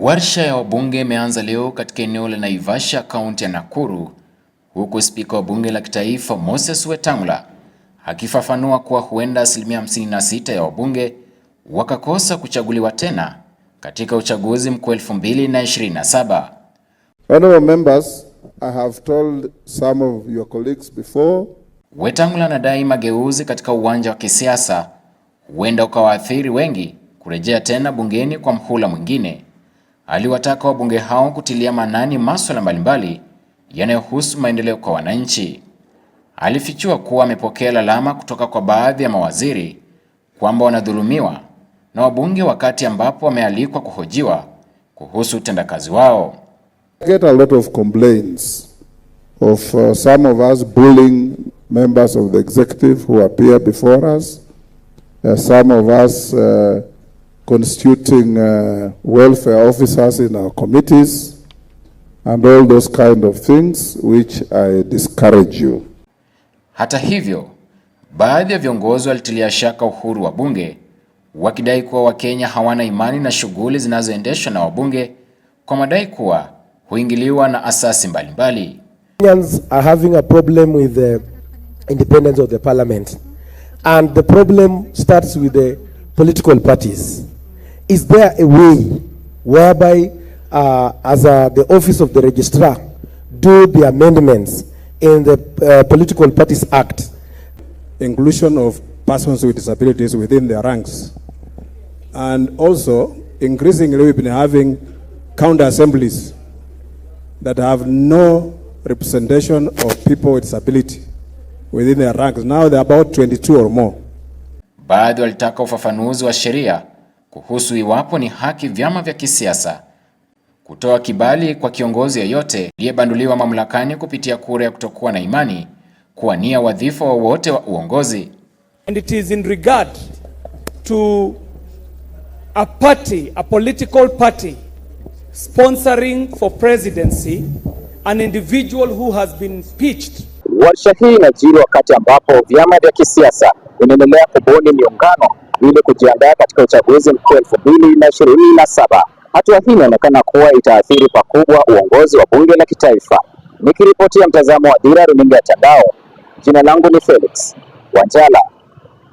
Warsha ya wabunge imeanza leo katika eneo la Naivasha, kaunti ya Nakuru, huku spika wa bunge la kitaifa Moses Wetangula akifafanua kuwa huenda asilimia 56 ya wabunge wakakosa kuchaguliwa tena katika uchaguzi mkuu 2027. Honorable members, I have told some of your colleagues before. Wetangula anadai mageuzi katika uwanja wa kisiasa huenda ukawaathiri wengi kurejea tena bungeni kwa mhula mwingine aliwataka wabunge hao kutilia maanani masuala mbalimbali yanayohusu maendeleo kwa wananchi. Alifichua kuwa amepokea lalama kutoka kwa baadhi ya mawaziri kwamba wanadhulumiwa na wabunge wakati ambapo wamealikwa kuhojiwa kuhusu utendakazi wao. I get a lot of complaints of uh, some of us bullying members of the executive who appear before us. Uh, some of us uh, constituting uh, welfare officers in our committees and all those kind of things which I discourage you. Hata hivyo, baadhi ya viongozi walitilia shaka uhuru wa bunge wakidai kuwa Wakenya hawana imani na shughuli zinazoendeshwa na wabunge kwa madai kuwa huingiliwa na asasi mbalimbali. Kenyans are having a problem with the independence of the parliament and the problem starts with the political parties. Is there a way whereby, uh, as uh, the office of the registrar, do the amendments in the uh, Political Parties Act? Inclusion of persons with disabilities within their ranks. And also, increasingly, we've been having counter assemblies that have no representation of people with disability within their ranks. Now they're about 22 or more. Baadhi walitaka ufafanuzi wa sheria kuhusu iwapo ni haki vyama vya kisiasa kutoa kibali kwa kiongozi yeyote aliyebanduliwa mamlakani kupitia kura ya kutokuwa na imani kuwania wadhifa wowote wa uongozi. And it is in regard to a party, a political party sponsoring for presidency an individual who has been pitched. Warsha hii inajiri wakati ambapo vyama vya kisiasa vinaendelea kubuni miungano vile kujiandaa katika uchaguzi mkuu elfu mbili na ishirini na saba. Hatua hii inaonekana kuwa itaathiri pakubwa uongozi wa bunge la kitaifa. Nikiripotia mtazamo wa Dira Runinga ya Tandao, jina langu ni Felix Wanjala.